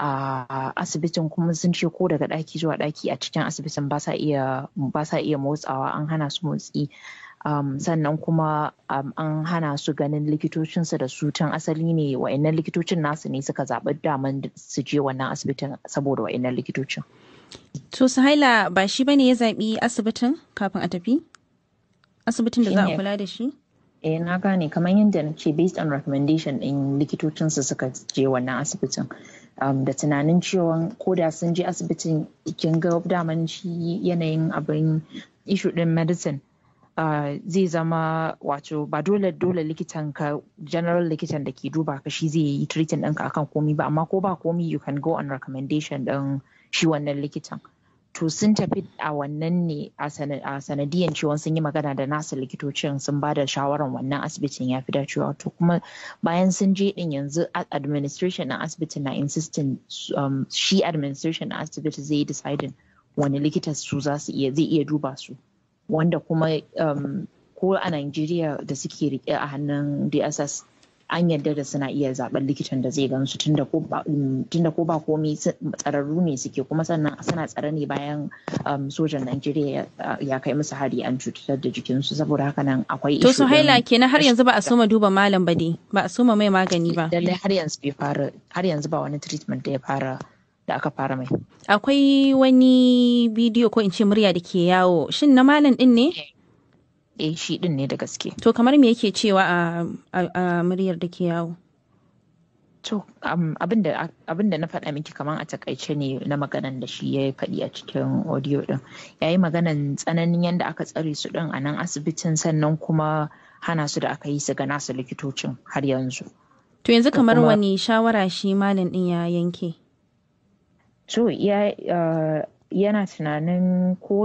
a asibitin kuma sun ce ko daga ɗaki zuwa ɗaki a cikin asibitin ba sa iya motsawa an hana su motsi um, sannan kuma um, an hana su ganin likitocinsu da su tun asali ne wa'annan likitocin nasu ne suka zaɓi daman su je wannan asibitin saboda wa'annan likitocin. To Suhaila ba shi bane ya zaɓi asibitin kafin a tafi? Asibitin da za a kula da shi? eh na gane kamar yadda na ce based on recommendation ɗin likitocinsu suka je wannan asibitin um, da tunanin cewa ko da sun je asibitin kin ga daman shi yanayin abin ishu ɗin medicine uh, zai zama wato ba dole dole likitan ka general likitan da ke duba ka shi zai yi treating ɗinka akan komi ba amma ko ba komi you can go on recommendation ɗin shi wannan likitan. to sun tafi a wannan ne a sanadiyan ciwon sun yi magana da nasu likitocin sun ba da shawaran wannan asibitin ya fi dacewa to kuma bayan sun je din yanzu administration na asibitin na insisting um, shi administration na asibiti zai deciding wani likita su za su iya zai iya duba su wanda kuma um, ko a Najeriya da suke rike a hannun DSS an yarda da suna iya zaben likitan da zai gan gansu tunda ko ba mm, komi tsararru ne suke kuma sannan suna tsare ne bayan um, sojan Najeriya uh, ya kai musu hari an cutar da jikinsu saboda haka nan akwai to su haila kenan har yanzu ba a soma duba malam ba ba a soma mai magani ba lallai har yanzu bai fara har yanzu ba wani treatment da ya fara da aka fara mai akwai wani bidiyo ko in ce murya da ke yawo shin na malam din ne eh. E, shi din ne da gaske to kamar me yake cewa a muryar da ke yawo to abin da na faɗa miki kamar a takaice ne na maganan da shi ya faɗi a cikin audio din yayi maganan tsananin yadda aka tsare su ɗin a nan asibitin sannan kuma hana su da aka yi su ga nasu likitocin har yanzu to yanzu kamar wani shawara shi malam ɗin ya yanke to ya yana tunanin ko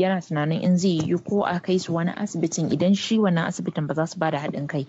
yana tunanin in zai yi ko a kai su wani asibitin idan shi wannan asibitin ba za su ba da haɗin kai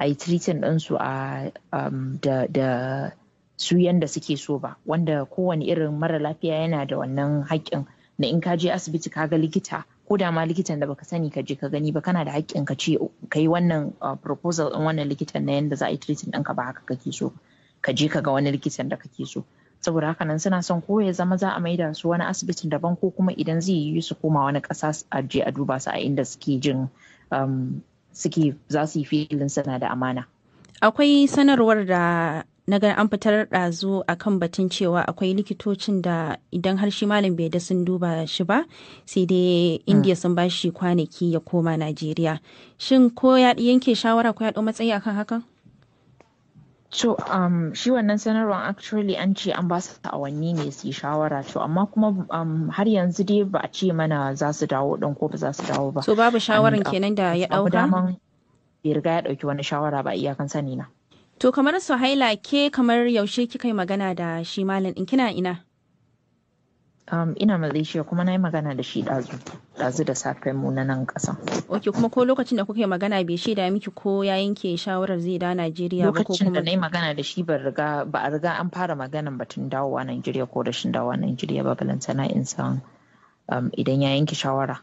a yi treating ɗinsu a um, da su yanda suke so ba wanda kowane irin mara lafiya yana da wannan haƙƙin na in ka je asibiti ka ga likita ko da ma likitan da baka sani ka je ka gani ba kana da haƙƙin ka ce ka yi wannan uh, proposal ɗin wannan likitan na yanda za a yi treating ka ba haka kake so ka je ka ga wani likitan da kake so saboda haka nan suna son ko ya zama za a da su wani asibitin daban ko kuma idan zai yi su koma wani ƙasa a je a duba su a inda suke jin um, suke za su yi filin suna da amana. Akwai sanarwar da na ga an fitar ɗazu a kan batun cewa akwai likitocin da idan har shi malam bai da sun duba shi ba sai dai indiya sun ba shi kwanaki ya koma najeriya shin ko ya yanke shawara ko ya matsayi akan hakan To, um, shi wannan sanarwar actually an ce an ba su awanni ne su shawara to amma kuma um, har yanzu dai ba a ce mana za su dawo ɗan ko ba za su dawo ba. So babu shawaran uh, kenan da ya ɗauka? daman da riga ya ɗauki wani shawara ba iyakan sani na. To kamar su haila ke kamar yaushe kika yi magana da shi malam ɗin kina ina? Um, ina Malaysia kuma na yi magana da shi ɗazu ɗazu da safen mu na nan ƙasa. Ok kuma ko lokacin da kuka magana bai shaida miki ko ya yanke shawarar zai da Najeriya ba ko kuma. da na yi magana da shi ba riga a riga an fara maganan batun dawowa Najeriya ko rashin dawowa Najeriya ba balantana in san um, idan ya yanke shawara.